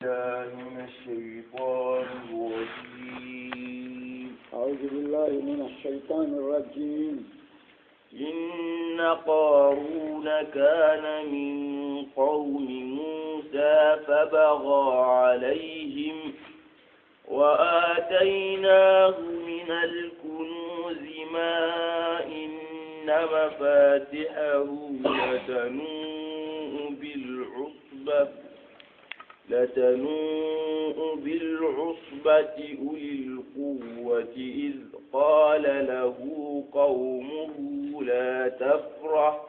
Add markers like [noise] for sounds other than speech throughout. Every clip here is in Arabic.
أعوذ بالله من الشيطان الرجيم إن قارون كان من قوم موسى فبغى عليهم وآتيناه من الكنوز ما إن مفاتحه لتنوء بالعصبة لتنوء بالعصبة أولي القوة إذ قال له قومه لا تفرح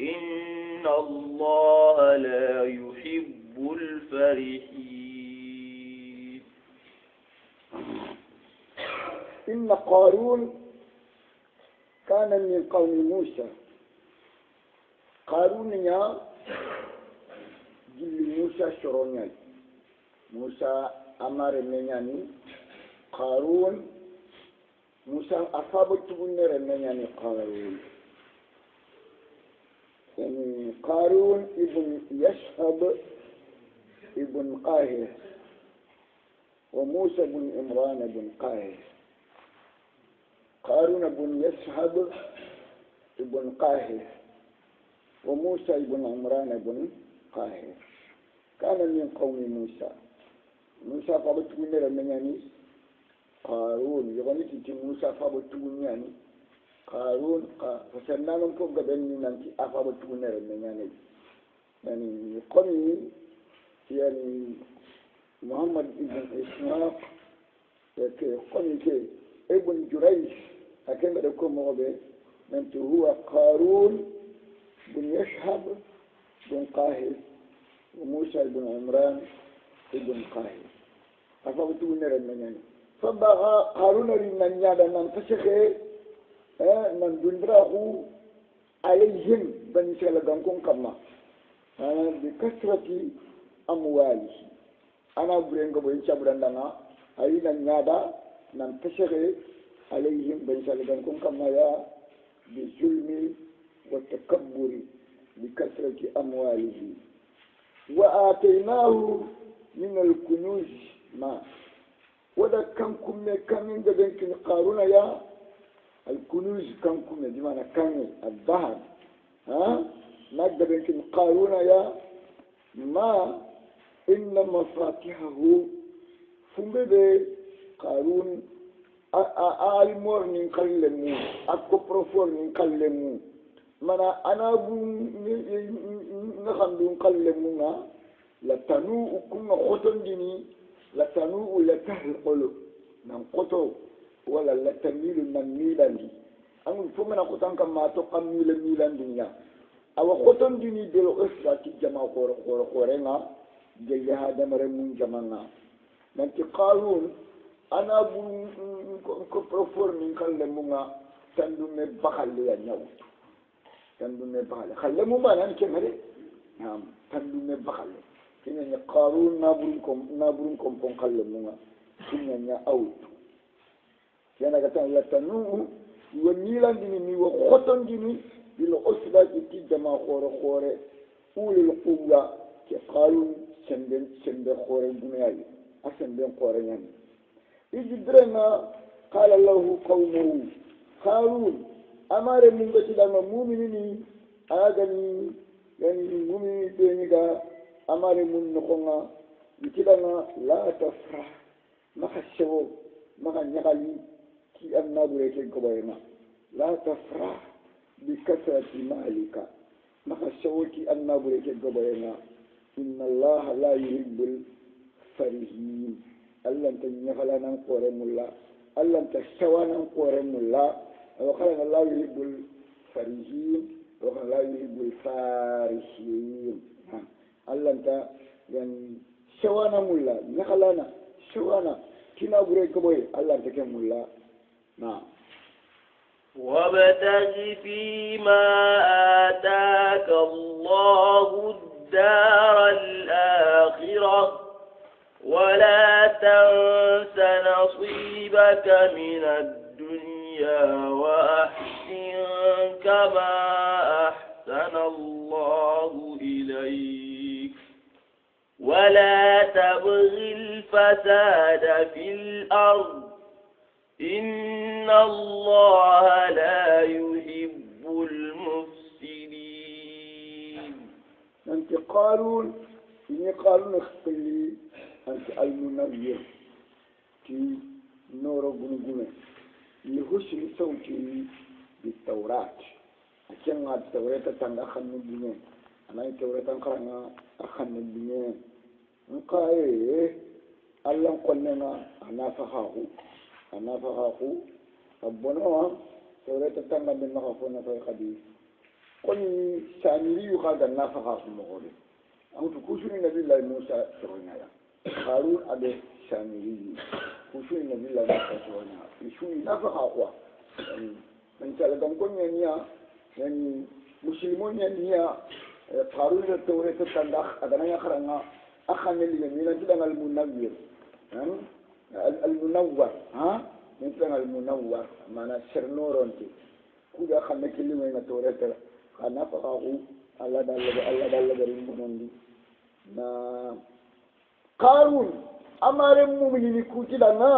إن الله لا يحب الفرحين إن قارون كان من قوم موسى قارون يا جلي موسى شروني موسى أمر منياني قارون موسى أصابت بنير منياني قارون إن قارون ابن يشهب ابن قاهر وموسى بن إمران بن قاهر قارون بن يشهب ابن قاهر وموسى بن عمران بن قاهر القاهرة كان من قوم موسى موسى فابتغني رمياني قارون يغني تجي موسى فابتغني يعني قارون فسنان فوق بني نانتي أفابتغني آه، رمياني يعني قومي يعني محمد بن إسحاق قومي كي ابن جريش أكمل لكم هو من هو قارون بن يشهب بن قاهر وموسى بن عمران بن قاهر قاهز أفغتون رمنان فبغى قارون رمنان من فسخه من دندره عليهم بني سلقانكم كما بكثرة أمواله أنا برينغ بوين شابراندانا أين نيادا من فسخه عليهم بني سلقانكم كما يا بالظلم والتكبر likasrati amwalihi wa atainahu min alkunuz ma wada kan kumme kamin da bankin karuna ya alkunuz kan kumme bi mana kan al-dahab ha na da bankin karuna ya ma inna mafatihahu fumbe be karun a almor nin kallemu a koprofor nin kallemu mana anagu nga xandun u la tanu'u kunga xotondini la u la tahriqolu nan xoto wala la tamilu nan milandi an fu mana xotan kam ma to toqa mila nga awa xotondini del ki jama kore xore xorenga gelle ha damare mun jamanga nanti qalun anagu ko profor min qallemunga tandume ya nyawu. تندوم بخاله خلا مو ما نان كم هري نعم تندوم بخاله كنا نقارون نابرون كم نابرون كم بون خلا مو كنا نا أوت كنا كتان لا تنو ونيلان ديني مي وخطن ديني بالعصبة تي جماعة خورة خورة أول القوة كقارون سندن سندن خورة بنياي أسندن خورة يعني إذ درنا قال له قومه قارون amare mun ga mun mumini ni aya gani gani mumini be ni ga amare mun no konga na la tafra maka shebo maka nyagali ki an na dure ke ko bayna la tafra bi ti malika maka shebo ki na dure ke ko bayna inna allah la yuhibbul farihin allah tan nyafala nan kore mulla allah tan shawanan kore mulla وقال لا يحب الفريجين وقال لا يحب الفارسين الله انت يعني شوانا ملا نخلانا شوانا كنا بريك كبوي الله انت كم ملا نعم وابتغ فيما آتاك الله الدار الآخرة ولا تنس نصيبك من الدار وأحسن كما أحسن الله إليك ولا تبغ الفساد في الأرض إن الله لا يحب المفسدين أنت قارون إني قارون أختي أنت المنبه كي نور بنقوله ni husuli sauti bitaurat akin ga taurata tan akan ni binye anan taurata kan ga akan ni binye in kai allan konne na anafahu anafahu abbono taurata tan ga min na ko na fay khadi koni sanili yu ga nafahu mo gole an to kusuri nabi allah musa toronya harun abe samiri usu ina bila na kasuwana isu ina fa hawa man talagan kon ya niya yani muslimon ya niya faru da tore ta tanda adana ya karanga akhan ne liga mina tilan al munawwir al munawwar ha min tilan al munawwar mana sirnoronte kuda khanne kilime na tore ta kana fa hawa Allah da Allah da Allah da rin munondi na قارون أمر المؤمنين كتلا نا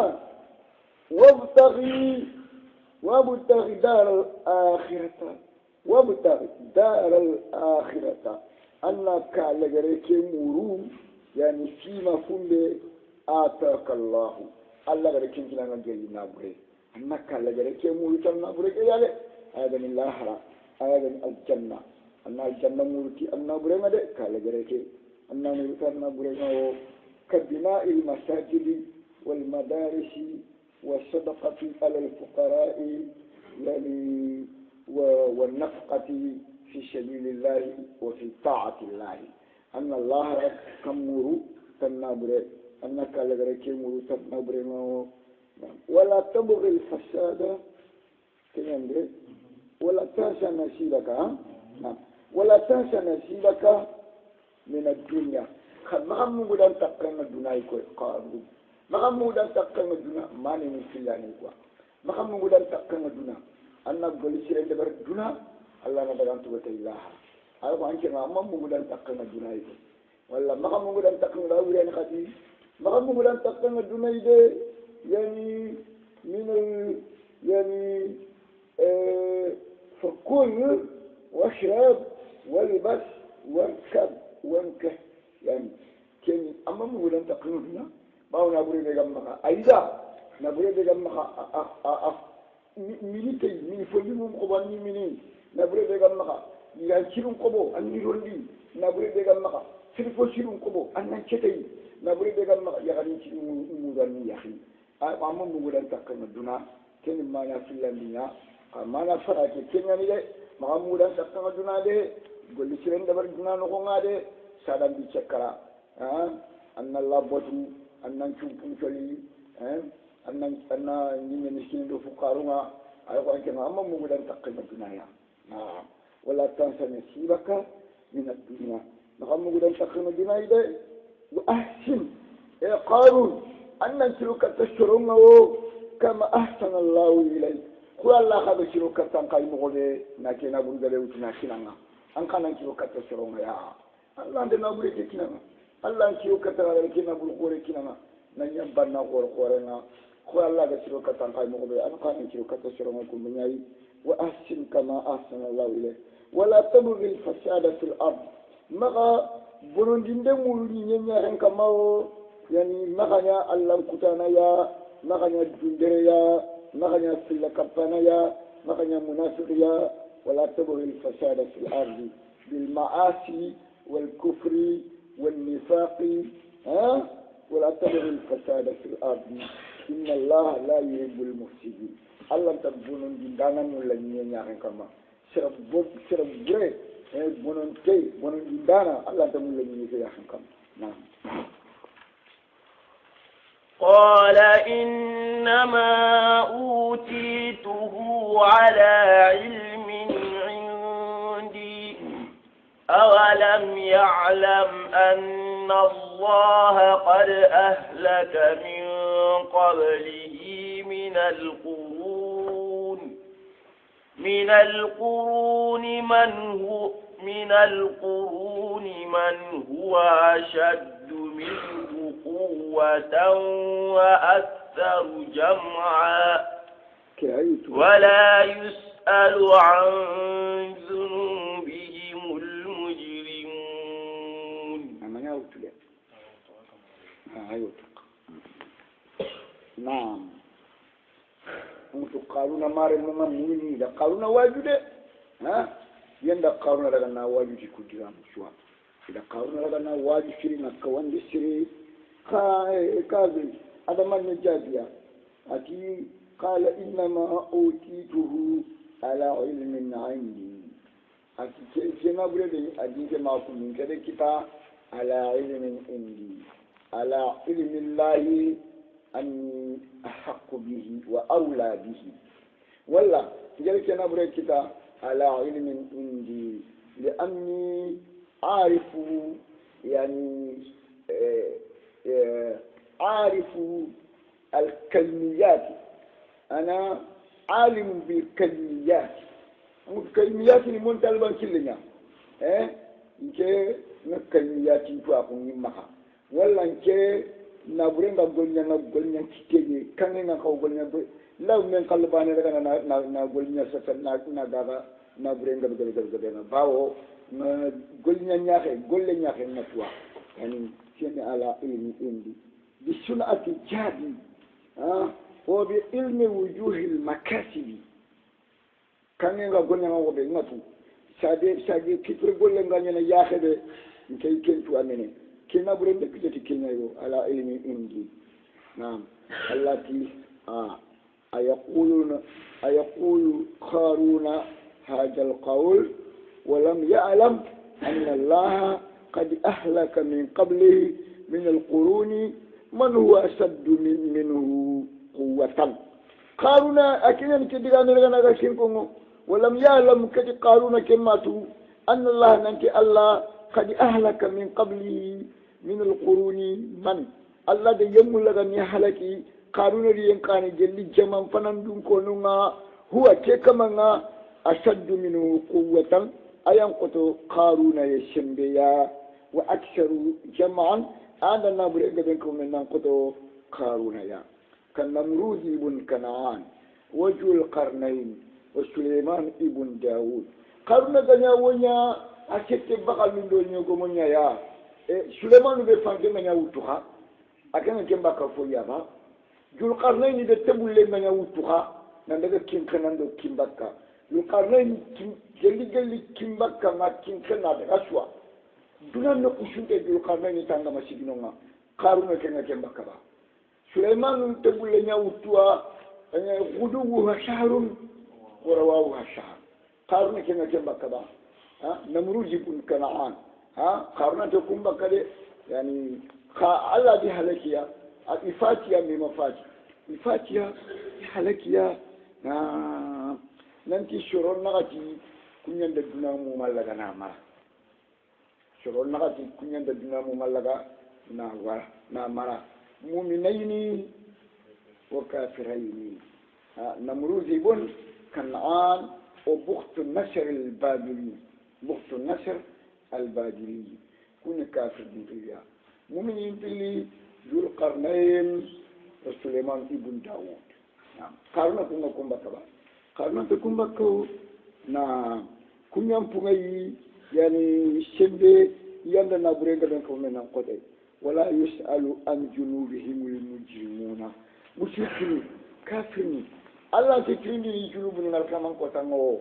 وابتغي وابتغي دار الآخرة وابتغي دار الآخرة أنك على جريك مروم يعني في مفهوم آتاك الله الله جريك كتلا نا جري نبري أنك على جريك مروم كتلا نبري كي يلا هذا من الآخرة هذا من الجنة أن الجنة مروم كي أن نبري ما ده كلا جريك مروم كبناء المساجد والمدارس والصدقة على الفقراء يعني والنفقة في سبيل الله وفي طاعة الله أن الله مرو تنبر أنك لغرك مرو تنبر ولا تبغي الفساد ولا تنسى نسيبك نعم. ولا تنسى نسيبك من الدنيا magan mungu dan takkenga dunay koy qaru magan mungu dan takkenga duna mani ni fillani quoi magan mungu dan takkenga duna anna goli sire debar duna allah na dagan tugo tay laha ala ko anke ma amma mungu dan takkenga dunay ko walla magan mungu dan takkenga da wuren khati magan mungu dan takkenga dunay de yani min yani فكل واشرب والبس واركب وانكح yani ken amma mu gudan taqinu dina ba wana gure be gam maka na gure be gam maka mini tay mini fo limu ko ban ni mini na gure be gam ya kirun ko bo an ni rondi na gure be gam sir fo sirun ko bo an nan cetay na gure be gam ya ganin ci mu gan ni yahi amma mu gudan taqinu duna ken ma na fillandinya amma na fara ke ken ni de ma mu gudan taqinu duna de golli siren dabar duna no ko ngade saɗandi cekkara anna labbatu annan cumpuncoli anna anna ñimme miskiniɗo fukaruga ay ko ankema amma muguɗan takkima dunaya naam wala tansani sibaka min addunia naxa muguɗan takkima dunayi de wa ahsin e qarun annan ciro katta soronga o kama ahsana allahu ilay ku allah xaɓe ciro kattan kay moxoɓe na ke naɓurgale wutina kinanga an xanan ciro katta soronga yaa allah na naɓure kina kinanga allah n kiyo kataragare ke naɓuru koore na na banna koore na ko allah ga siro katan kay mo be an ki o kata siro mo ko nyaayi wa ahsin kama ahsana allah ile wala tabghi al fasada fil ard maga burundi mu mulni nyanya hen kama o yani maganya allah kutana ya maganya dundere ya maganya sila kapana ya maganya munafiq ya wala tabghi al fasada fil ard bil ma'asi والكفر والنفاق ها والعتبر الفساد في الأرض إن الله لا يحب المفسدين الله تبون جندانا ولا نيانا كما سرب سرب غري إيه، بونون كي بونون جندانا الله تبون لا نيانا كما نعم قال إنما أوتيته على علم أولم يعلم أن الله قد أهلك من قبله من القرون من القرون من هو من القرون من هو أشد منه قوة وأكثر جمعا ولا يسأل عن ذنوب hayo tu naam muntu karuna mare muma muni da karuna wajude ha yanda karuna daga na wajuji kudira musuwa da karuna daga na waju shiri na kawandi shiri ka eh, eh, kazi adaman ne jabiya ati qala innama utituhu ala ilmin indi ati ke jema bure de adi ma ku kada kita ala ilmin indi على علم الله أن أحق به وأولى به ولا جلك نبرك على علم عندي لأني أعرف يعني أعرف الكلميات أنا عالم بالكلميات الكلميات اللي mun كلنا killin ya eh nke na kalmiyati wala nke na golñanga kikeye kange na, kaw golñan bo la men kalbane daga rega na na na sa sasa na na gaga naburenga gabe gabe gabe na bawo na golña nyaxe golle nyaxe na tuwa yani kene ala ilmi indi bi sunati jadi ha wa bi ilmi wujuhil makasibi kangenga golñanga wobe ngatu sade sade kitre golle nga yaxe be nkay kentu amene كلنا بريدة كتير جت يو على علم إندي نعم التي آه أيقولون أيقول خارون هذا القول ولم يعلم أن الله قد أهلك من قبله من القرون من هو أشد من منه قوة قارون أكيد كدغان لغنا غشينكم ولم يعلم كذي قارون كما أن الله ننتي الله قد أهلك من قبله min alquruni man allah de yemmullaga ni halaki karunori yen kani gelli jaman fanan dun konunga huwa ke kamanga ashaddu minhu quwwatan ayan koto karuna ye sembeya wa aksaru jam'an anda nabure gaben ko men nan koto karuna ya kan namrud ibn kanaan wa jul qarnayn wa suleiman ibn daud karuna ganya wonya akete bakal min do nyogo monya ya Eh, sulemanu be fanke menya wutuxa a kena ke mbaka fo yaba julkarnaini be tebulle menya wutuxa nandaga kinkenando kimbakka julkarnaini gelli gelli kimbakka nga kinkena daga suwa dunan no kusunte julkarnaini tangama siginonga karunga kenga ke mbakka ba sulemanu tebulle nya wutuwa guduwuha shahrun warawawuha shahr karunga kenga ke mbakka ba namuruji bun kanaan ها خارنا تكون بكرة يعني خا الله دي هلكيا إفاتيا مي مفاج إفاتيا هلكيا نا ننتي شرور نغتي كن يند الدنيا مو مالك أنا ما شرور نغتي كن يند الدنيا مو مالك نا ورا نا مارا مؤمنيني وكافريني ها نمروز يبون كنعان وبخت النشر البابلي بخت النشر albajiri kuni kafirjiriya mumin yintili zulkarnain suleiman ibn daud karuna kunga kumba kaba karuna te kumba ko na kunyam punga yi yani shembe yanda na burenga don kawme nan kodai wala yusalu an junubihim almujrimuna mushrikini kafirini allah te tirindi junubun ngal kaman kotango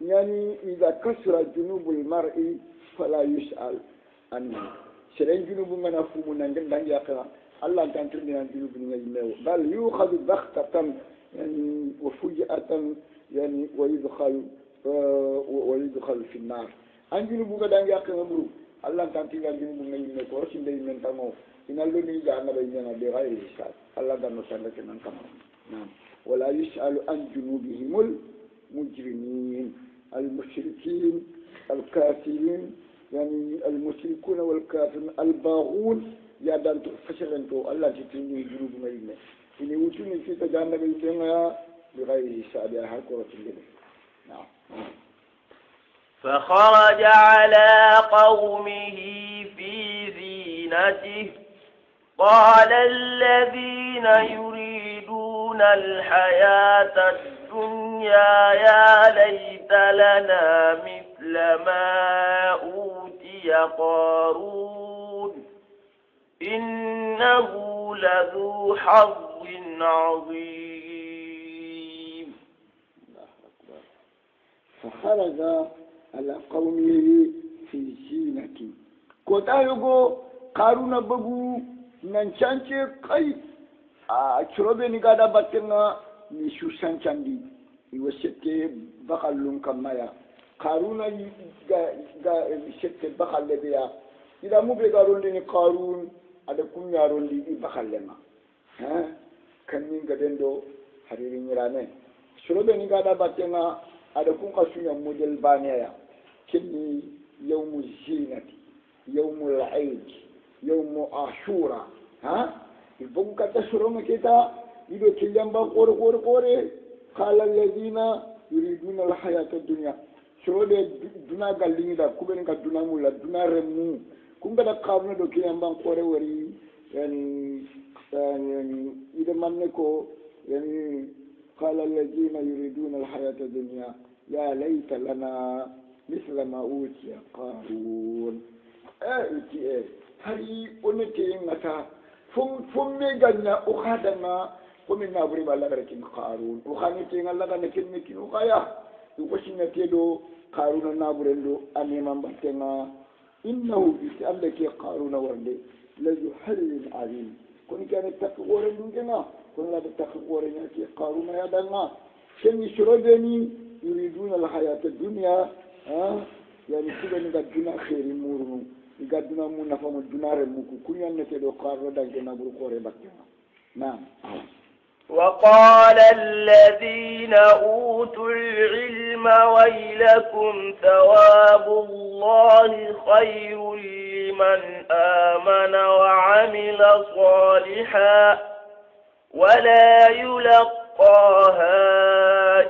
yani idha kasura junubul mar'i فلا يسأل عنه سرين جنوب من أفهم ننجل لن يقرأ الله كان تلمين عن جنوب نجمه بل يوخذ بخطة يعني وفجأة يعني ويدخل آه، ويدخل في النار عن جنوب من أفهم الله كان تلمين عن جنوب نجمه ورسم دي من تمو إن الله نجا أنا بينا بغير الإسلام الله كان نسلك من تمو نعم ولا يسأل عن جنوبهم المجرمين المشركين الكافرين يعني المشركون والكافرون الباغون يا دانتو فشلنتو الله تتنوي جنوب بمرينا إن يوتوني في جانب يتنها بغير حساب يا حكورة نعم فخرج على قومه في زينته قال الذين يريدون الحياة الدنيا يا ليت لنا مثل ما أوتي أخي قارون إنه لذو حظ عظيم فخرج على قومه في زينة كوتا يقول قارون بغو نانشانشي قي أشربي نقادا باتنا نشوشان شاندي يوسكي بقلون كمايا قارون شك بخل بيا إذا مو بيقارون لني قارون على كم يارون لي بخل لما ها كم من قدن دو حريري نيراني شلو بني قادا باتنا على كم قسم موديل بانيا كني يوم الزينة يوم العيد يوم عاشورا ها يبون كتشرون كتا يدو كيان باقور قور قور قال الذين يريدون الحياة الدنيا cooɗe duna galliñiɗa kuɓen ga duna mula duna rem mu ku gaɗa kabno ɗo kine mbankore wori ide manne ko en qala alladina yuriduna alhayata dunia ya layta lana misla ma utiya qarun e uti e hari onetee gata fom fomme gagna o xadanga komin naɓuri ɓa lagara kin qarun o xanetega lagana kenne kin o xaya in ko na ke do karuna na buren do a neman batenga innahu bi Allah ke karuna warde la yuhallil azim kun ka ne tak wore dun ke kenga kun la tak wore ne ke karuna ya danga shin ni shuro de ni yuridun al hayata duniya ha ya ni shuro ni ga dunya khairi murunu ga dunya mun na famu dunare muku kun yanne ke do karuna dan kenga buru kore batenga na وقال الذين أوتوا العلم ويلكم ثواب الله خير لمن آمن وعمل صالحا ولا يلقاها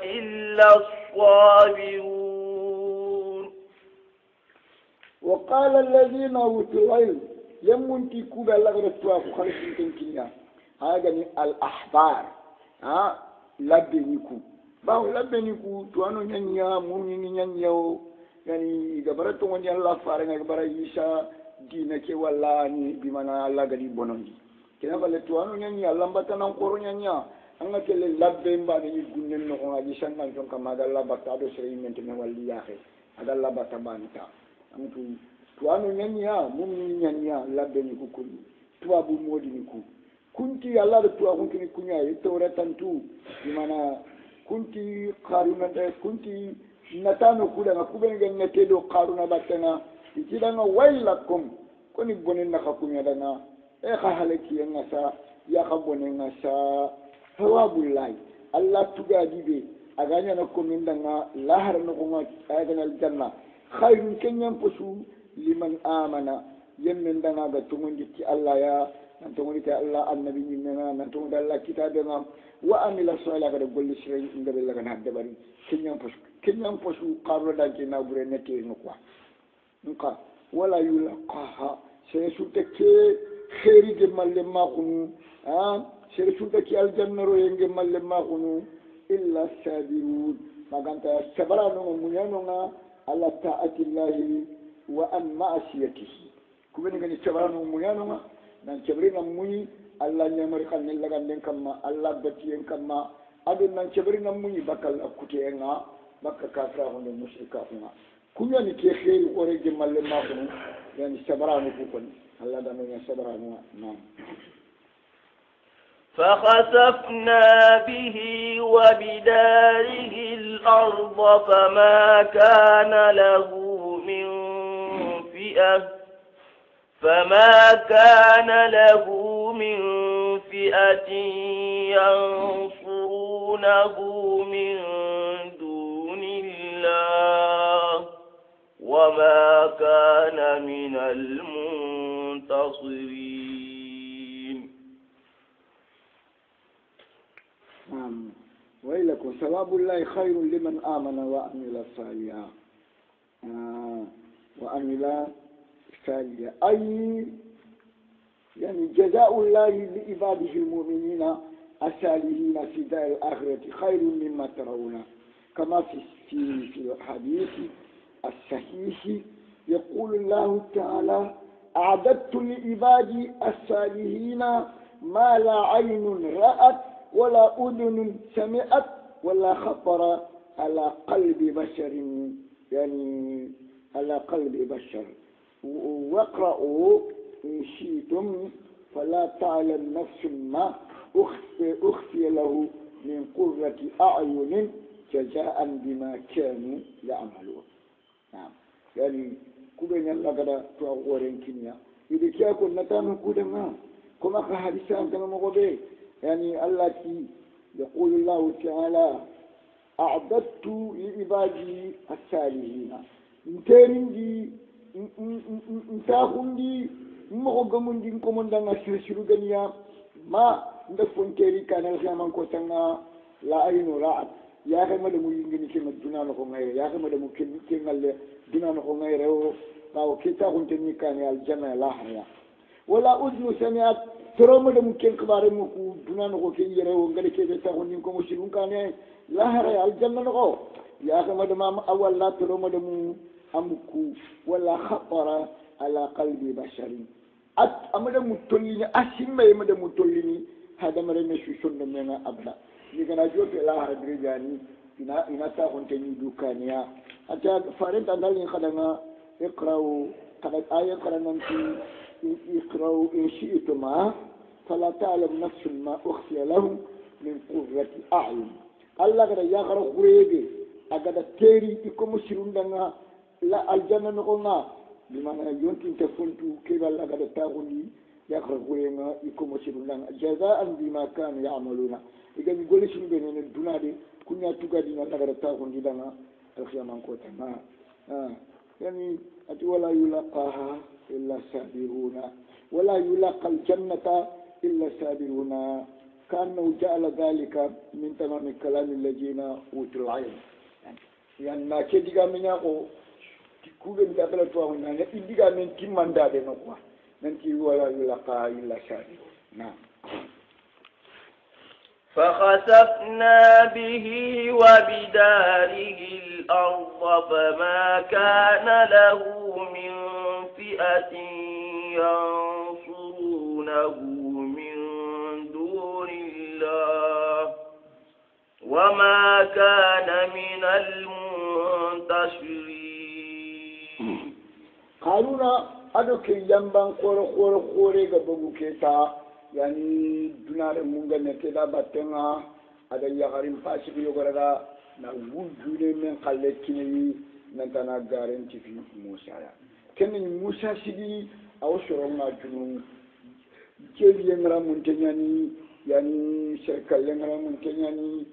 إلا الصابرون وقال الذين أوتوا العلم يمنتي كوبا لغرة توافو خلص من agani al ahbar ha labbeniku bawo labbeniku to ano ñanña murñini ñanña o yani gabara togondi allah farenga gabara isa dina ke walla ni bimana allah gadi bonondi kena bale to ano ñanña allah mbatanan koro ñanña anga kele labbe mbane ni gunnen noxonga isangan con kam aga labatta aɗo sere yimentene walli yaxe aga labatta banita antu to ano ñanña mumni ñanña labbeniku kun tubabu modini ku kunti allah da tuwa kun kini kunya yi taura tantu imana kunti karuna da kunti natano kula na kubeni ganin nete do karuna batana ikida na wailakum kuni bonin na kakunya da na e eh, ka halaki yan sa ya ka bonin hawa hawabullahi allah tuga dibe aganya na kumin da na lahar na kuma ayagan eh, aljanna khairun kenyan fusu liman amana yemmin da na ga tumun jiki allah ya nan to woni te allah annabi ñimmena nan to wonde allah kitabe ngam wa amila sohla kada golle siray ngabella kana hadde ɓari keñan posu da posu karulo danke naɓure netteerino quoi nka wala yulaqaha sere surta ke heeride malle makunu a sere surta ke aljannaro yenge malle makunu illa sabirun maganta sabaranonga na ala taatillahi wa an maasiyatihi kuɓeni gani sabaranonga na. nan kebrina muñi allah ñamari xan nen laganden kamma allah battiyen kamma aɗum nan kebrina muñi bakkal akkute en ga bakka kafirahunde musrikafunga kuñani ke xeeri orege malle maxunu yani sabaranu ku kon allah danoña sabaranua nam فخسفنا به وبداره الأرض فما كان له من فئة فما كان له من فئة ينصرونه من دون الله وما كان من المنتصرين نعم ويلك ثواب الله خير لمن آمن وعمل صالحا آه. وعمل الثانية أي يعني جزاء الله لعباده المؤمنين أسالهين في دار الآخرة خير مما ترون كما في في, في الحديث الصحيح يقول الله تعالى أعددت لعبادي الصالحين ما لا عين رأت ولا أذن سمعت ولا خطر على قلب بشر يعني على قلب بشر واقرأوا إن شئتم فلا تعلم نفس ما أخفي, أخفي له من قرة أعين جزاء بما كانوا يعملون نعم يعني كبن يلا قد تعورين كنيا إذا كاكو نتامن كودما كما كحديثان كما مغبي يعني الله كي يقول الله تعالى أعددت لعبادي الصالحين نتامن دي ntahundi mogo mundi nkomondanga sirsiruganiya ma nda fonteri kanal xeman kotanga la ayno raat yaxema lemu yingini kenga duna noxo ngayre yaxema lemu kengalle duna noxo ngayre o kawo ke taxuntenni kane aljanna la haraya wala udnu samiat toroma lemu ken xibare muku duna noxo ke yere o ngada kebe taxundin komo sirun kane la haraya aljanna noxo yaxema lemu awalla toroma lemu amku wala khatara ala qalbi basharin at amada mutollini asimme amada mutollini hadamare me susondo menga abla ligana joto la hadri jani ina ina ta honte ni dukaniya ata farenta dalin kadanga iqra'u kada ayan karanan ti iqra'u in shi'tuma fala ta'lam nafsun ma ukhfiya lahum min qurrati a'yun allah kada ya gara kurebe agada teri ikomo sirundanga لا الجنة نقولنا بما أن يمكن تكون كيف الله قد تغني يخرجون يكون مشرون لنا جزاء بما كانوا يعملون إذا نقول شنو بين الدنيا دي كنا تقدين الله قد تغني لنا الخيام قوتا ما يعني أتوا لا يلقاها إلا سابرون ولا يلقى الجنة إلا سابرون كانوا جعل ذلك من تمام كلام الذين أوتوا العلم يعني ما كدي قامنا kuɓe mi kakala tuwaxuna ne indiga men timmandade no quoi nanti wala yulaqa illa sadi nam فخسفنا به وبداره الأرض فما كان له من فئة ينصرونه من دون الله وما كان من الم haruna ado ke yamban kore kore kore ga bugu ke ta yani dunare munga ne ke da batenga ada ya harin fashi ko yogara na wujune men kalle kini nan tana garen tifi musa ya kenin musa sigi a wasu ronga junun jeliye ngara mun kenyani yani serkalle ngara mun kenyani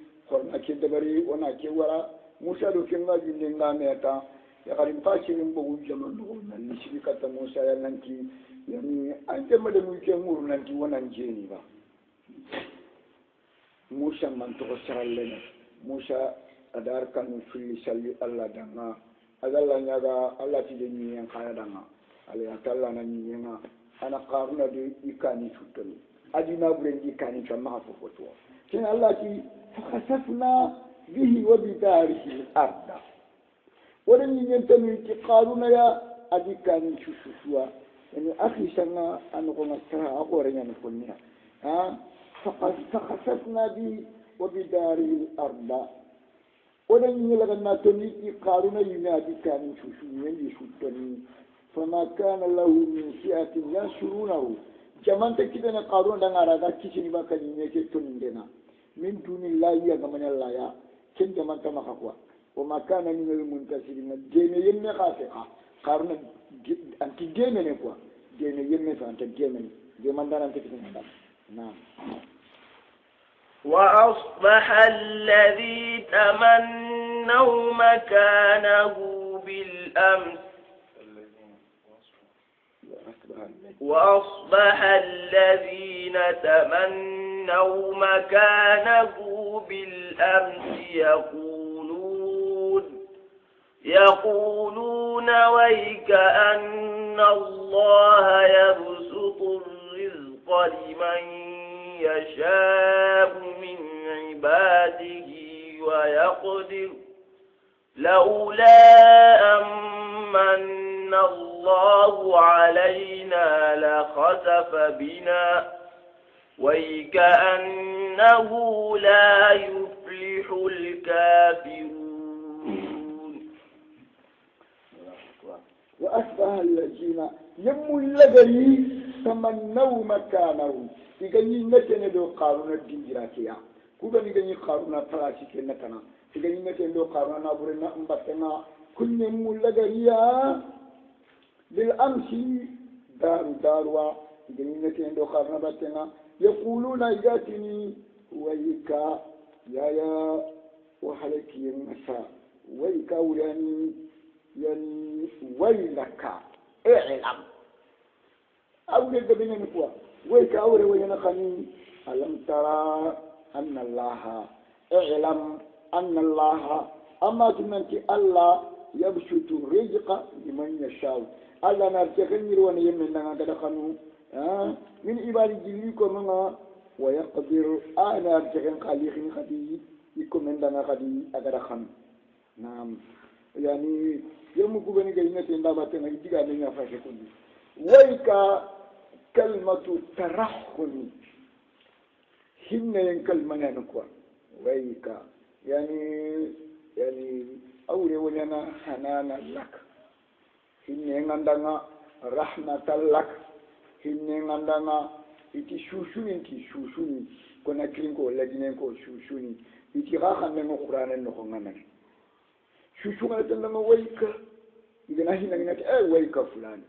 n'a ke dabari ona ke wara musa do kenga junne ngame ta yakarin fakirin bugu jama dugu nan ni shi ka ta musa ya nan ki yani an jama da mu ke muru nan ki wannan je ni ba musa man to saralle ne musa adar kan fi salli allah danga agalla nya ga allah ti de ni yan kaya danga ala ya talla na ni yan ana qaruna de ikani tutoni adina buren ikani tamma fo fo to kin allah ki fa khasafna bihi wa bi darihi al-ardh wani ninyen ta min ki karuna ya adi kamin cususuwa yani akhi sanga an ko masara a gore nyam ko ni ha fakasasna bi wa bi daril arda wani yi la na to ni ki na yimi adi kamin cusu yendi sutoni fama kana lahu min fi'atin yansurunahu jaman ta kidana karuna danga raga kishini baka yimi ke tunindena min dunillahi ya gamanya laya ken jaman ta maka kuwa وما كان من المنتصرين جيني يمي خاسقة آه، قرن أنت جيمي نقوى جيني يمي فأنت جيمي جيمي دار أنت كتن نعم وأصبح الذي تمنوا مكانه بالأمس وأصبح الذين تمنوا مكانه بالأمس يقول يقولون ويك أن الله يبسط الرزق لمن يشاء من عباده ويقدر لولا أمن الله علينا لخسف بنا ويكأنه لا يفلح الكافرون وأشبه الذين يموا اللغري تمنوا مكانه يغني نتن دو قارون الدنجراتيا كوبا يغني قارون تراشي كنتنا يغني نتن دو قارون نابرنا امبتنا كل يموا اللغريا للأمس دار داروا يغني نتن دو قارون باتنا يقولون ياتني ويكا يا يا وحلكي يمسا ويكا ولاني يعني ويلك اعلم أو يجبنا نقوى ويك أوري وينخني ألم ترى أن الله اعلم أن الله أما تمنتي الله يبسط الرزق لمن يشاء الله نرتخني روان يمن نغدخنو آه؟ من عباد جليكم ويقدر أنا أرتخن خليخن خدي يكون من دنا خدي أغدخن نعم يعني يمكن أن يكون هناك من يكون ويك كلمة ترحم هن كلمة نكوى ويك يعني يعني أولي ولنا حنانا لك هن عندنا رحمة لك هن عندنا iti shushunin ti shushuni kona kirinko lajinenko shushuni iti xa xanmengo qurane noxonga nani shushu ma waika iganahilangati ai eh, waika fulani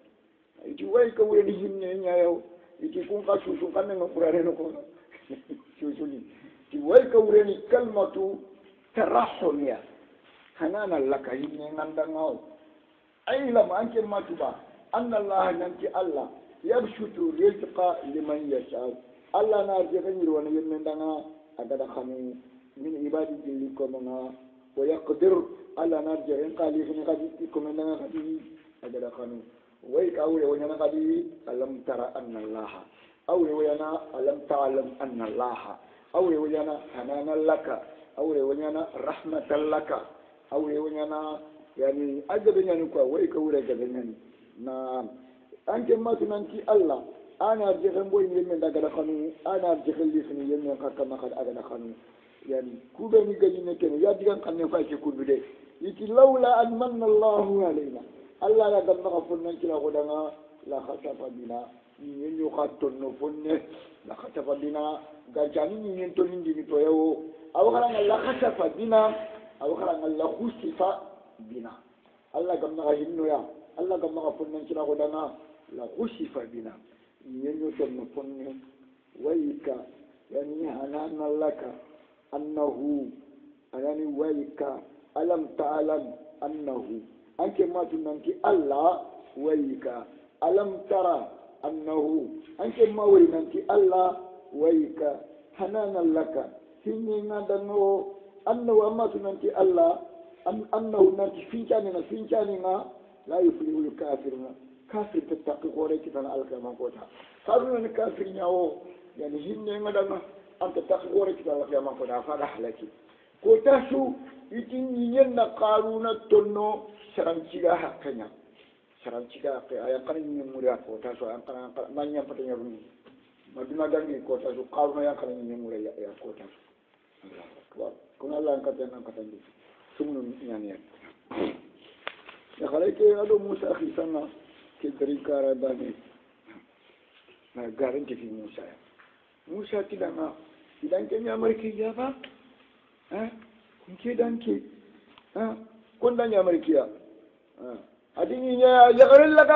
iti waika weni hinyenyayawo kun ka shushu kamenga kurareno [laughs] shushu shushuni ti waika wureni kalmatu tarahumiya hanana laka hinne an ke anke matuba anna nan ki allah yabsutu rizqa liman yasha allah na nan dan a agada xanu min ibadi jilli komongaa ويقدر على نرجع إن قال لي فين قد يكون لنا قد أجل قانون ويك أولي وينا قد ألم ترى أن الله أولي وينا ألم تعلم أن الله أولي وينا حنانا لك أولي وينا رحمة لك أولي وينا يعني أجل يعني ويك أولي أجل يعني نعم أنت ما تنكي الله أنا أرجع من بوين يمين أجل خانو أنا أرجع اللي فين يمين قد كما قد أجل قانون يعني كوبا نيجي نكنا يا ديان كان نفاي كوب بدي يتي لولا أن من الله علينا الله لا دم غفلنا كلا غدنا لا خشف بنا نين يقاتل نفن لا خشف بنا غجاني نين تنين دي تويو أو خلنا لا خشف بنا أو خلنا لا خشف بنا الله كم نغهينو يا الله كم نغفلنا كلا غدنا لا خشف بنا نين يقاتل نفن ويك يعني هنانا لك annahu anani wayka alam ta'lam annahu anke ma tunanki allah wayka alam tara annahu anke ma waynanki allah wayka hananan laka hinni ngadano annahu amma tunanki allah annahu la kafir kafir yani hinne أنت تخبرك الله يا من فرح لك كوتاسو يتنين نقالونا تنو سرانتيغا حقنا سرانتيغا حقنا أي أقل من مريا كوتاسو أقل من يمتع يرمي ما بنا دنجي كوتاسو قالونا أقل من مريا يا كوتاسو كنا الله أنك تنين أنك تنين سمنا نيان يان يا خليك يا دو موسى أخي سنة كتري كاراباني ما غارنتي في موسى موسى تلانا لأنني أمريكي جابا ها كنكي دانكي ها كن داني أمريكيا ها أديني يغرل لك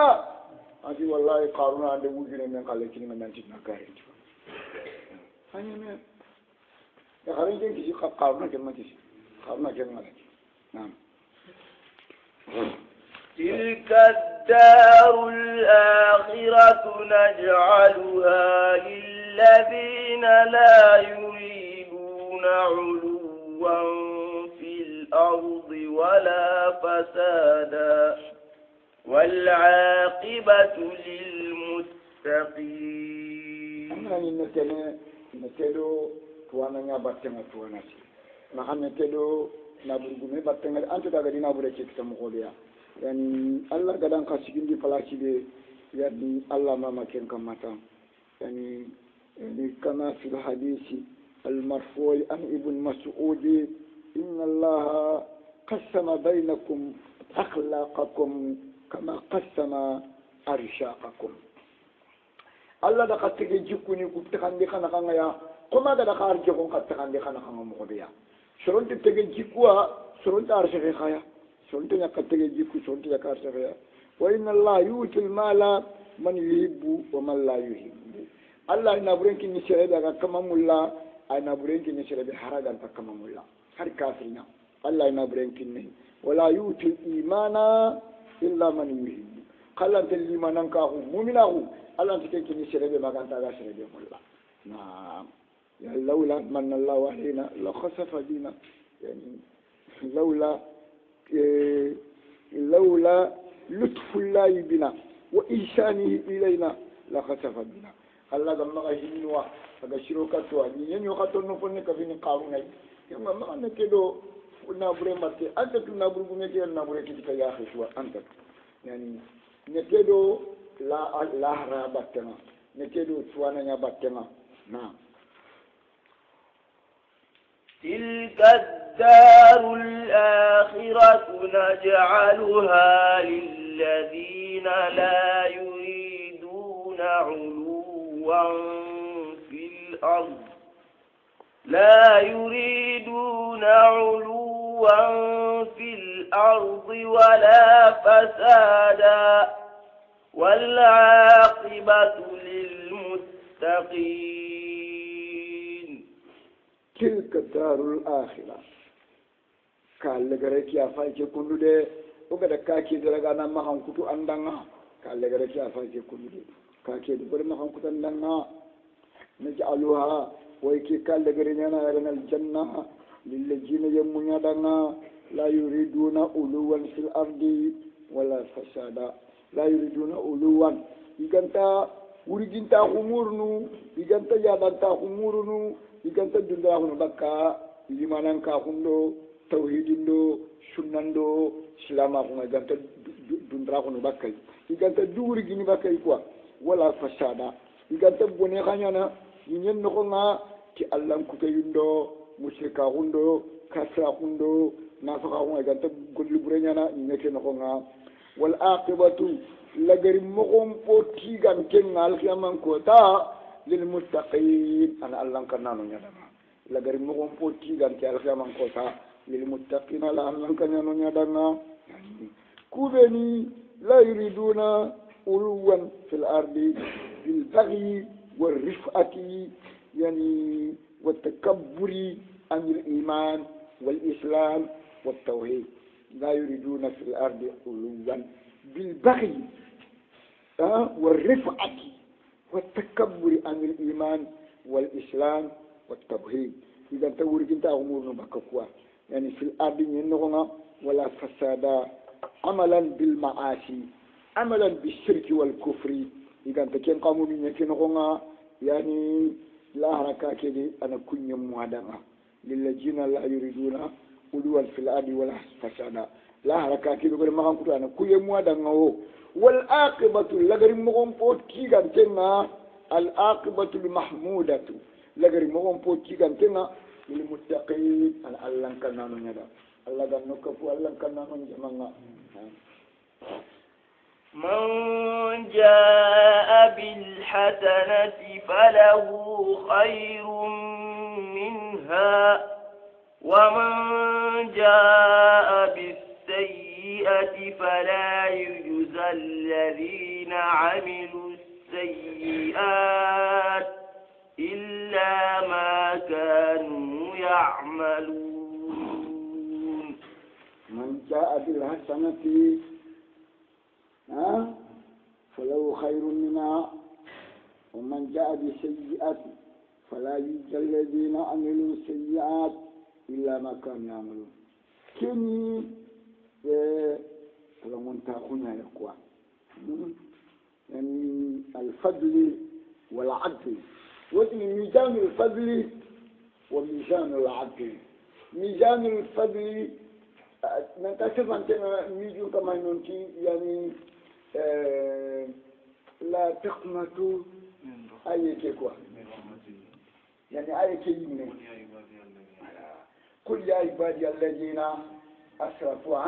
أدي والله قارونا عند وجهنا من قال لك من أنت نكاري هني من يغرل لك كذي قارونا كلمة كذي قارونا كلمة نعم تلك الدار الآخرة نجعلها لله الذين لا يريدون علوا في الأرض ولا فسادا والعاقبة للمتقين أنا نتنا نتلو توانا يا باتنا توانا سي ما نتلو naburgume battengadi anto ta gadi nabure cekita mogoɓeya yani allah gadan ka sigindi palasi ɓe yani allah mama ken kam mata yani كما في الحديث المرفوع عن ابن مسعود إن الله قسم بينكم أخلاقكم كما قسم أرشاقكم الله دا تيجي جيكوني كوب تخاندي خانا خانا يا كما دقا أرجوكم قد تخاندي خانا خانا مغبيا سرون تيجي جيكوا سرون تارشخي خايا شلون تيجي قد تيجي شلون سرون تيجي كارشخي وإن الله يؤتي المال من يحب ومن لا يحب allah naburenki ni serebe aga kamamulla ay naburenki ni serebe haraganta kamamulla har kafirina allah naburenkinne wala yuti imana illa man yuhibbu kallante limanankahu muminahu allahnti kenkini serebe maganta aga serebe mulla naam ya lawla manna allahu alaina la khasafa bina yani lawla لولا لطف الله بنا وإحسانه إلينا لخسف بنا الله ذم غشين نوا فغشروا كتوا دين ينيو خطر نفون نكفين قارونا كما ما نكدو نابري ماتي أنت نابري بمية نابري كي تكيا خشوا أنت يعني نكدو لا لا رابطنا نكدو توانا يا بطنا نعم تلك الدار الآخرة نجعلها للذين لا يريدون علوا في الأرض لا يريدون علوا في الأرض ولا فسادا والعاقبة للمتقين تلك الدار الآخرة قال لك يا فايك كل ده وقد كاكي درغانا ما هنكتو أندنا قال لك يا فايك كل ده kake dubur mahan kutan nan ha naj'aluha way ki janna. garinyana na aljanna lillajina dan danga la yuriduna uluwan fil ardi wala fasada la yuriduna uluwan iganta wuriginta umurnu iganta yadanta umurnu iganta dundara hunu bakka limanan ka hundo tauhidin do sunnan do silama hunu iganta dundara hunu bakka iganta duwurigini bakka yi kuwa wala fasada iganta bone xañana yiñen noxonga ti allankuteyundo musirikaxundo kasiraxundo nafaxaxunga iganta gollibureñana ñiñeke noxonga wal aqibatu lagari moxon po tigankenga alxiyamankota lilmustaqin ana allankannano ñadanga lagari moxon po kota lil lilmustaqin ala allankannano ñadanga kuɓeni la yuriduna علوا في الأرض بالبغي والرفقة يعني والتكبر عن الإيمان والإسلام والتوحيد لا يريدون في الأرض علوا بالبغي آه، والرفقة والتكبر عن الإيمان والإسلام والتوحيد إذا تورج أنت أمورنا بكفوا يعني في الأرض ينغنى ولا فسادا عملا بالمعاصي amalan bisirki wal kufri iganta ken kamu min yake no nga yani la haraka ke de ana kunya muadanga lil ladina la yuriduna ulu wal fil adi wal fasada la haraka ke de ma kan kutana kuye muadanga o wal aqibatu lagari mo po tigan tenna al aqibatu al mahmudatu lagari mo gon po tigan tenna lil muttaqin al allan kanano nyada allah ganno kafu allan kanano jamanga Thank you. من جاء بالحسنة فله خير منها ومن جاء بالسيئة فلا يجزى الذين عملوا السيئات إلا ما كانوا يعملون من جاء بالحسنة فله خير منها ومن جاء بسيئة فلا يجزى الذين عملوا السيئات إلا ما كانوا يعملون كني إيه، فلمن يا يقوى يعني الفضل والعدل ودي ميزان الفضل وميزان العدل ميزان الفضل آه، نتكلم انت ميزان كما ننتي يعني آه، لا تقنطوا أيك كوا يعني أيك يمني قل يا عبادي الذين أسرفوا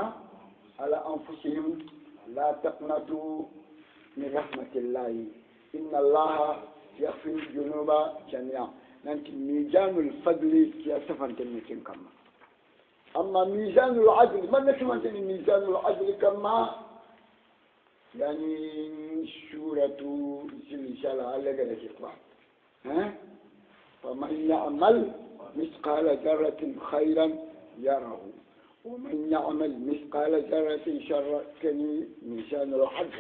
على أنفسهم لا تقنطوا من رحمة الله إن الله يغفر الذنوب جميعا لكن ميزان الفضل كيف تنتمي كما أما ميزان العدل ما نسمع ميزان العدل كما يعني سورة سلسلة على قلت إطلاع ها فمن يعمل مثقال ذرة خيرا يره ومن يعمل مثقال ذرة شرا كني شان الحج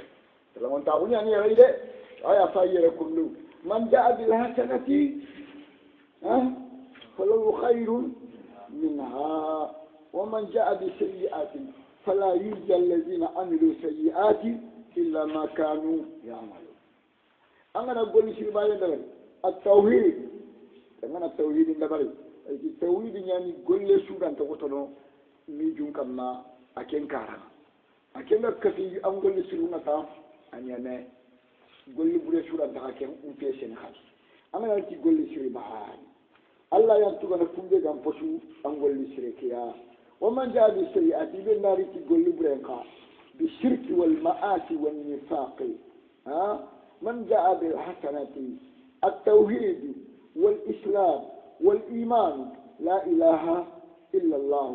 لما تعقول يعني غير آية صغيرة كله من جاء بالحسنة ها فله خير منها ومن جاء بسيئات فلا يجزى الذين عملوا سيئات illa ma kanu ya'malu an gana goli shi bayan da at-tauhid an gana tauhidin da bari aiki tauhidin yani golle su gan ta kotono mi jun kamma aken a aken ga kasi an golle su na ta anya ne golle bure su ran ta aken un pese ne hal an gana ki golle shi bahan Allah ya tuga na kunje gan fosu an golle shi ke ya wa man ja bi sai a be nari ki golle bure ka بالشرك والمآسي والنفاق ها من جاء بالحسنة التوحيد والإسلام والإيمان لا إله إلا الله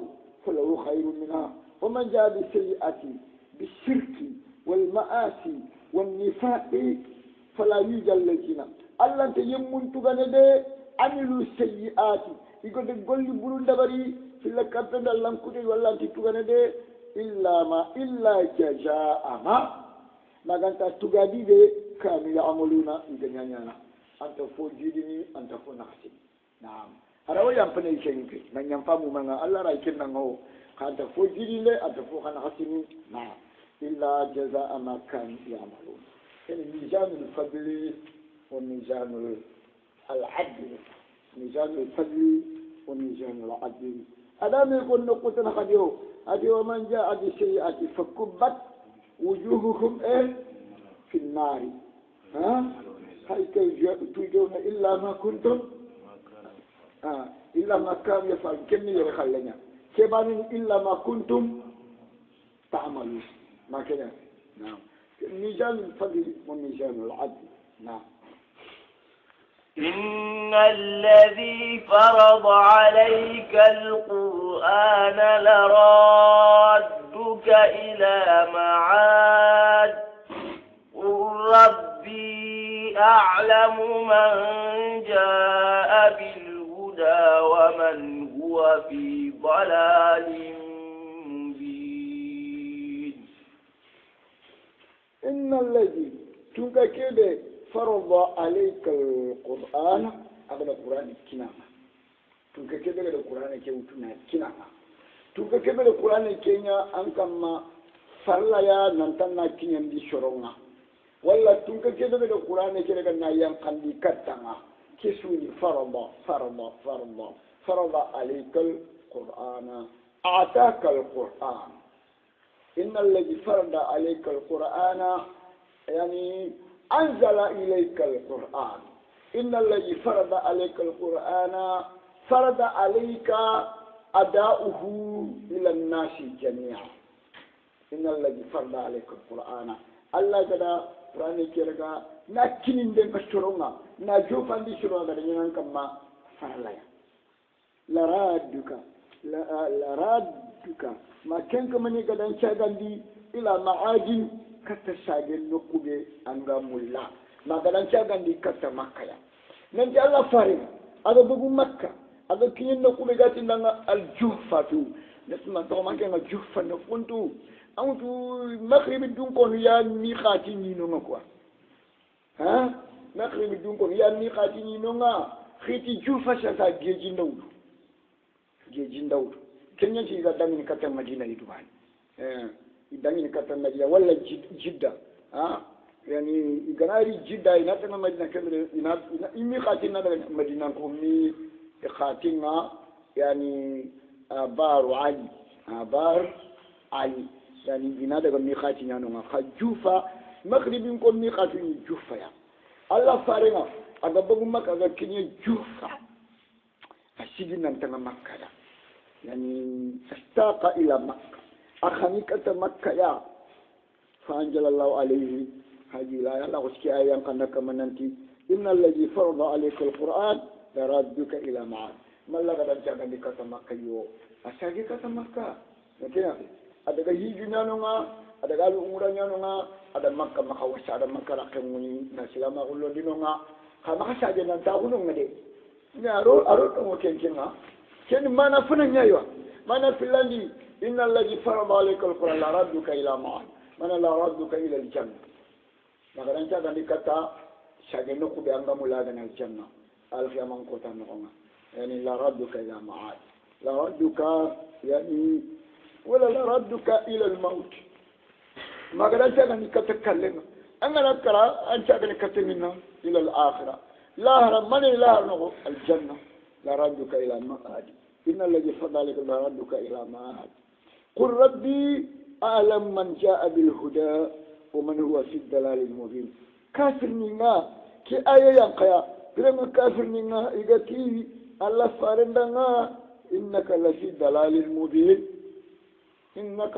فله خير منها ومن جاء بالسيئة بالشرك والمآسي والنفاق فلا يوجد لجنة الله تيمون يمون تغنده عملوا السيئات يقول لك قول لي بلون دبري في لك أبدا لنكوتي والله أنت تغنده إلا ما إلا جزاء ما ما كانت تغادي به كانوا يعملون إذنيانا أنت فو جيدني أنت فو نعم هذا هو ينفني شيء من ينفهم من الله رأيكنا نغو أنت فو جيدني أنت فو نخسي نعم إلا جزاء ما كانوا يعملون يعني ميزان الفضل وميزان العدل ميزان الفضل وميزان العدل ألا يكون نقطة نخديه أدي ومن جاء بسيئة فكبت وجوههم إيه في النار ها هل تجدون إلا ما كنتم آه، إلا ما كان يفعل كم يرخلنا سبان إلا ما كنتم تعملون ما كده نعم ميزان الفضل وميزان العدل نعم إن الذي فرض عليك القرآن لرادك إلى معاد قل ربي أعلم من جاء بالهدى ومن هو في ضلال مبين إن الذي تبكي فرض عليك القرآن أغلى القرآن كنامة تنك كبير القرآن كي وتنا كنامة تنك كبير القرآن كي أنكما فرلا يا ننتنا كي يندي شرونا ولا تنك كبير القرآن كي لغنا ينقلي كتنا كسوني فرض فرض فرض فرض عليك القرآن أعطاك القرآن إن الذي فرض عليك القرآن يعني أنزل إليك القرآن إن الذي فرض عليك القرآن فرض عليك أداؤه إلى الناس جميعا إن الذي فرض عليك القرآن الله كذا قرآن كيرغا na kinin da mashurunga na jofan di shiro da yanan kamma farlaya laraduka laraduka ma kenka mani gadan chagandi ila ma'ajin katta sagen nokku ɓe anga mulla magalanci agandi katta makkaya nanti allah farin aga bugu makka aga kiñin nokku ɓe gatindanga aljuhfatu nesma togomankenga juhfa nokkuntu aŋutu makribi dunkonu ya miqati ñinonga quoi ha makribi dunkonu ya miqati ñinonga xiti juhfa sasa geji ndawdu geji ndawdu kenñanciga damini katta madina yidumani يدعني كتر مدينة ولا جد جدة ها يعني جناري جدة يناتنا مدينة كمل ينات إمي خاتين ناتنا مدينة كمي خاتين ما يعني آه، بار علي بار علي يعني ينات كمي خاتين أنا ما خجوفة مغربي كمي خاتين جوفة يا الله فارنا أجابكم ما كذا كني جوفة أسيجنا نتنا مكة يعني استاق إلى مكة akhamikata makka ya fa anjalallahu alaihi haji la ya lahu shi ayyan kanaka mananti innal ladhi farada alayka alquran yaradduka ila ma'ad man la gadan jaga di kata makka yo asagi kata makka ngatena ada ga hiji nanu ada ga umra nanu ada makka makka wasa ada makka rakem muni na silama ullo dino nga kama ka saje nan ta gunu ngade ya ro aro to mo kenkin nga ah. ken mana funan ya? mana filandi إن الذي فرض عليك القرآن لردك إلى معاد من لا ردك إلى الجنة لقد أنت كتا شاكنك بأنك ملاقنا الجنة ألف يمن قوتا نغمة يعني لردك إلى معاد لردك يعني ولا لردك إلى الموت ما قد أنت ذلك تكلم أنا نذكر أنت ذلك منا إلى الآخرة لا هرم من لا هرم الجنة لردك إلى المعاد إن الذي فضلك لردك إلى معاد قل ربي أعلم من جاء بالهدى ومن هو في الدلال المبين كافر نينا كي آية ينقيا برما كافر نينا إيغتي الله فارندنا إنك لفي الدلال المبين إنك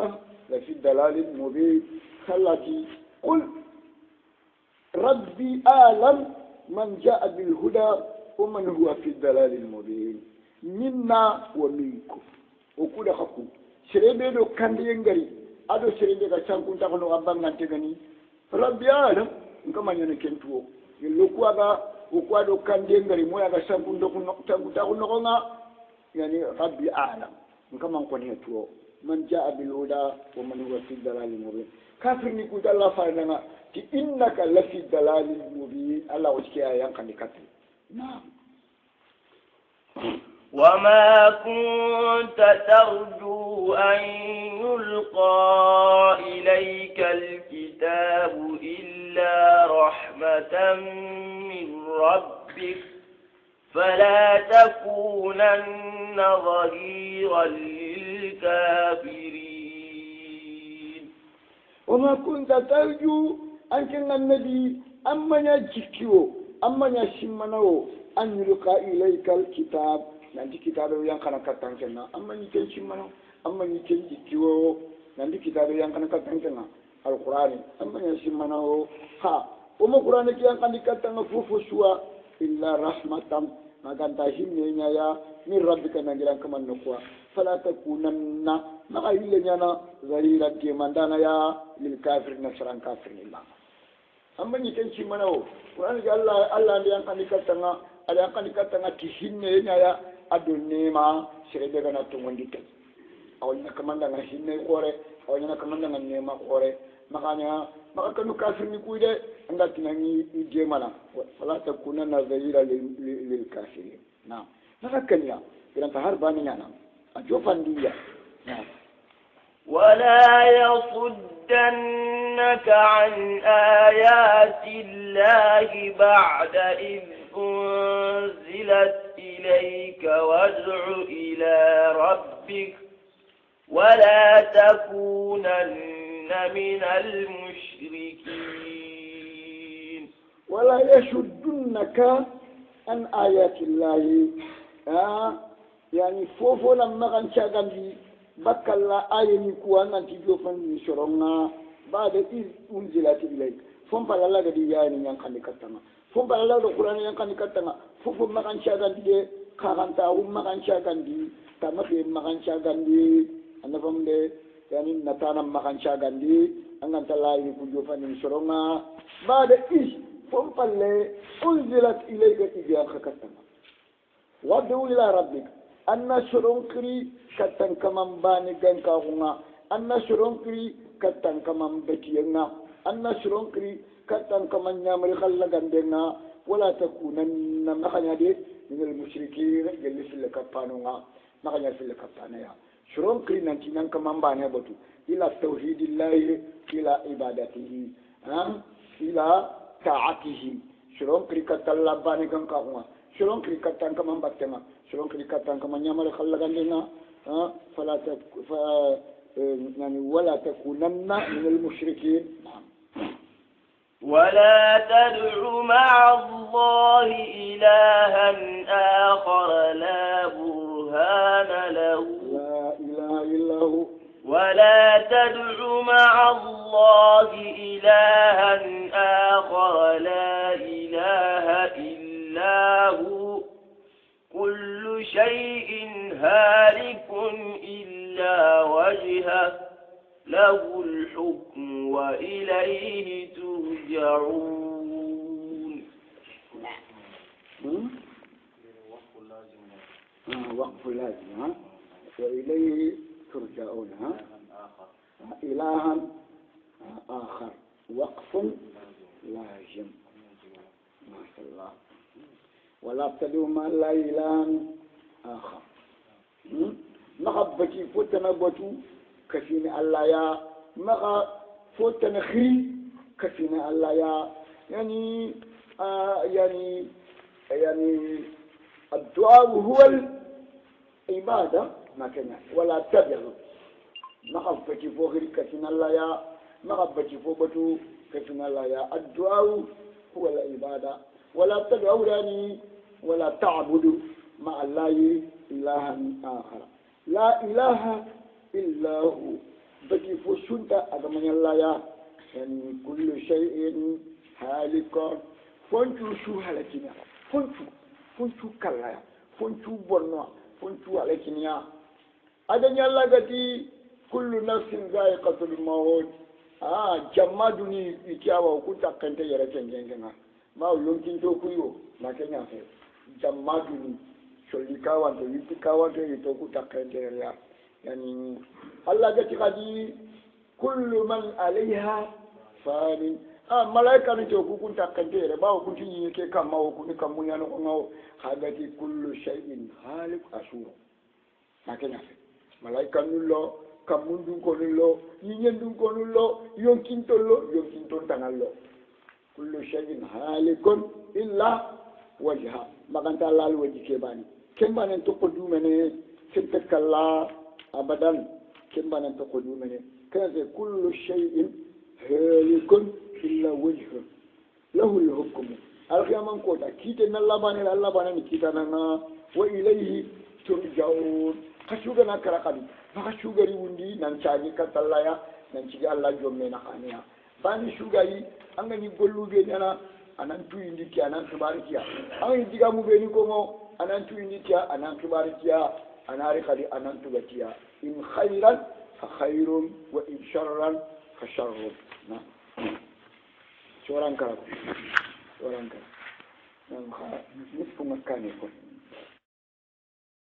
لفي الدلال المبين خلتي قل ربي أعلم من جاء بالهدى ومن هو في الدلال المبين منا ومنكم وكل حقوق serembe ɗo kandiye ngari aɗo serembe ka sankuntakono ka bangantegani rabbi ala nkamañani kentuwo yello kuwaga o kuwa ɗo kandiye ngari moyaga sankuntako nogonga yani rabbi alam nkaman koni he tuwo man jaa bilhuda wa man huwa fi dalalin mubin kafirni kuta allah farinanga ti innaka lafi dalali mubin allah wotike a yankandi katri na'am وما كنت ترجو أن يلقى إليك الكتاب إلا رحمة من ربك فلا تكونن ظهيرا للكافرين وما كنت ترجو أن كن النبي أما يجكيو أما يشمنو أن يلقى إليك الكتاب nanti kitabe yang kana amma ni ken cimmano amma ni ken jikkiwo nanti kitabe yang kana alqur'ani amma ni simmana o ha oma qur'ani ki yang katanga fufu suwa illa rahmatan maganta hinne nyaya min rabbika nangiran kaman nokwa fala takunanna maga hille nyana zalira ke mandana ya lil kafir na saran kafir ni ma amma ni ken cimmana o qur'ani ki allah allah yang kana katanga ada yang katanga ki hinne nyaya adu nema sere be gana to ngondi tel awol na kamanda ngana hinne kore awol na kamanda na nema kore makanya maka kanu kafir ni kuide anda tinangi ije mala wala takuna na zaira lil kafir na maka kanya ila tahar bani nyana ajofandiya na ولا يصدنك عن آيات الله بعد إذ أنزلت إليك وادع إلى ربك ولا تكونن من المشركين ولا يشدنك عن آيات الله آه يعني فوفو لما كان شاغل بك الله آية نكوانا تجوفن نشرنا بعد إذ أنزلت إليك فنفع فالله قد يجاني ينقل كتما fun ba la da yan kan ka tanga fu fu ma kan shagan di ka kan ta u ma kan shagan di ta ma be ma kan shagan di ana fam de yani na ta nan ma kan shagan di an kan ta lai ku jo fanin shoroma ba da ish fun palle unzilat ilayka ya khakatan wa du ila rabbik anna shurun kri katan kaman bani gan ka kuma anna shurun kri katan kaman bakiyanna anna shurun kri كتن كمن يامر خلا غندنا ولا تكونن ما خنيا دي من المشركين جل في الكفانونا ما خنيا في الكفانيا شرون كري نانتي نان كمان بانا بتو الى توحيد الله الى عبادته ها الى طاعته شرون كري كتن لباني كان كاوا شرون كري كتن كمان باتما شرون كري كتن كمان يامر خلا غندنا فلا تك اه، يعني ولا تكونن من المشركين نعم ولا تدع مع الله إلها آخر لا ها وإليه ترجعون ها إلها آخر وقف لازم ما شاء الله ولا تدعوا ما لا إله آخر مغبتي فوتنا بوتو كفينا الله يا ما فوتنا خري كفينا الله يا يعني آه يعني يعني الدعاء هو ال عبادة ما كنا ولا تبيعه ما خبت يفوق كتنا لا يا ما خبت يفوق بتو كتنا لا يا الدعاء هو العبادة ولا تبيعه يعني ولا تعبد مع الله إلها آخر لا إله إلا هو بكي فشنت أدمان الله يا يعني كل شيء هالك فانتو شو هالكينا فانتو فانتو كلا فانتو برنوا funtu alakiniya adan yalla gati kullu nafsin za'iqatul maut a jamma duni ikiyawa ku takkanta yara canjangana ma yonkin to kuyo na kenya fe jamma duni solli kawanto yitti kawanto yito ku takkanta yara yani allah gati kadi kullu man alaiha fanin a ah, malaika ni ce hukun takkante yare ba hukuncin yi yake kan ma hukuni kan mun yana kun hau hagati kullu shay'in halik asura makina malaika nun lo kan mun dun ko nun lo yinyen dun ko nun lo yonkin to lo yonkin to tanan lo kullu shay'in halikun illa wajha maganta lal waji ke bani ken banen to ko dumene sin takkalla abadan ken banen to ko dumene kana kullu shay'in halikun إلا وجهه له الحكم ألقي أمان كوتا كيتا نلاباني لألاباني كيتا نانا وإليه ترجعون خشوغا نكرا قدي فخشوغا ريوندي نانشاني كتالايا نانشيغا الله جمعنا خانيا باني شوغاي أنا يقولوا بيننا أنا أنتو إنديكي أنا أنتو باركيا أنا إنديكا مبيني كومو أنا أنتو إنديكي أنا أنتو باركيا أنا أريخالي أنا أنتو باركيا إن خيرا فخير وإن شرا فشر نعم coran kala ko coran kala ɗon ha nisfu makkani kon